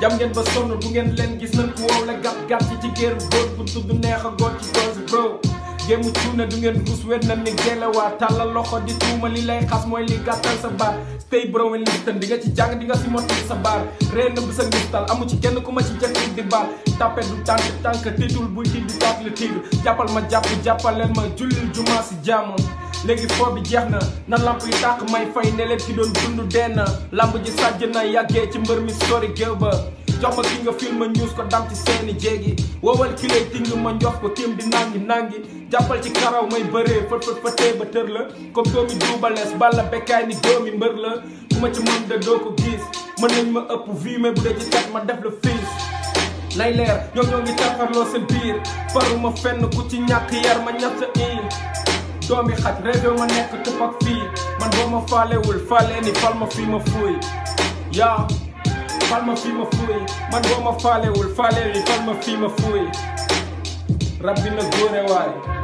jam ngeen ba sonn bu ngeen leen gis nañ ko wow la gàtt gàtt ci géeru góor bu tudd neex a góor ci bro gému cuune du ngeen rus wet na ni gelewaa tàllal loxo di tuuma li lay xas mooy li gàttal sa stay bro wen listan di nga ci jàng di nga besar motal sa baar ree nëbb sa ngistal amu ci kenn ku ma ci jëkk di baal tappe du tànk titul di le tigre ma jàpp jàppal leen ma jullil jumaa si jamon legi foo bi jeex na na lamp yi tàkk may fay ne leen ki don dundu den lamb ji sajna yagge ci mbeur mi sori geuba jox ma ki nga film news ko dam ci seni jéegi wowal ki lay ting ma ndox ko tim di nangi nangi jappal ci karaw may beure fot fot fëtee ba teur la comme doomi doubales balla bekay ni doomi mbeur la kuma ci mën de doko gis man nañ ma upp vi mais bu de ci kat ma def le fils lay leer ñoom ñoo ngi tafarlo seen biir faruma fenn ku ci ñak yar ma ñatt sa doomi xaj réew ma nekk tëpp ak fii man boo ma faalewul faale ni fal ma fii ma fuuy yaa fal ma fii ma fuuy man boo ma faalewul faale ni fal ma fii ma fuuy rabbi na góore waay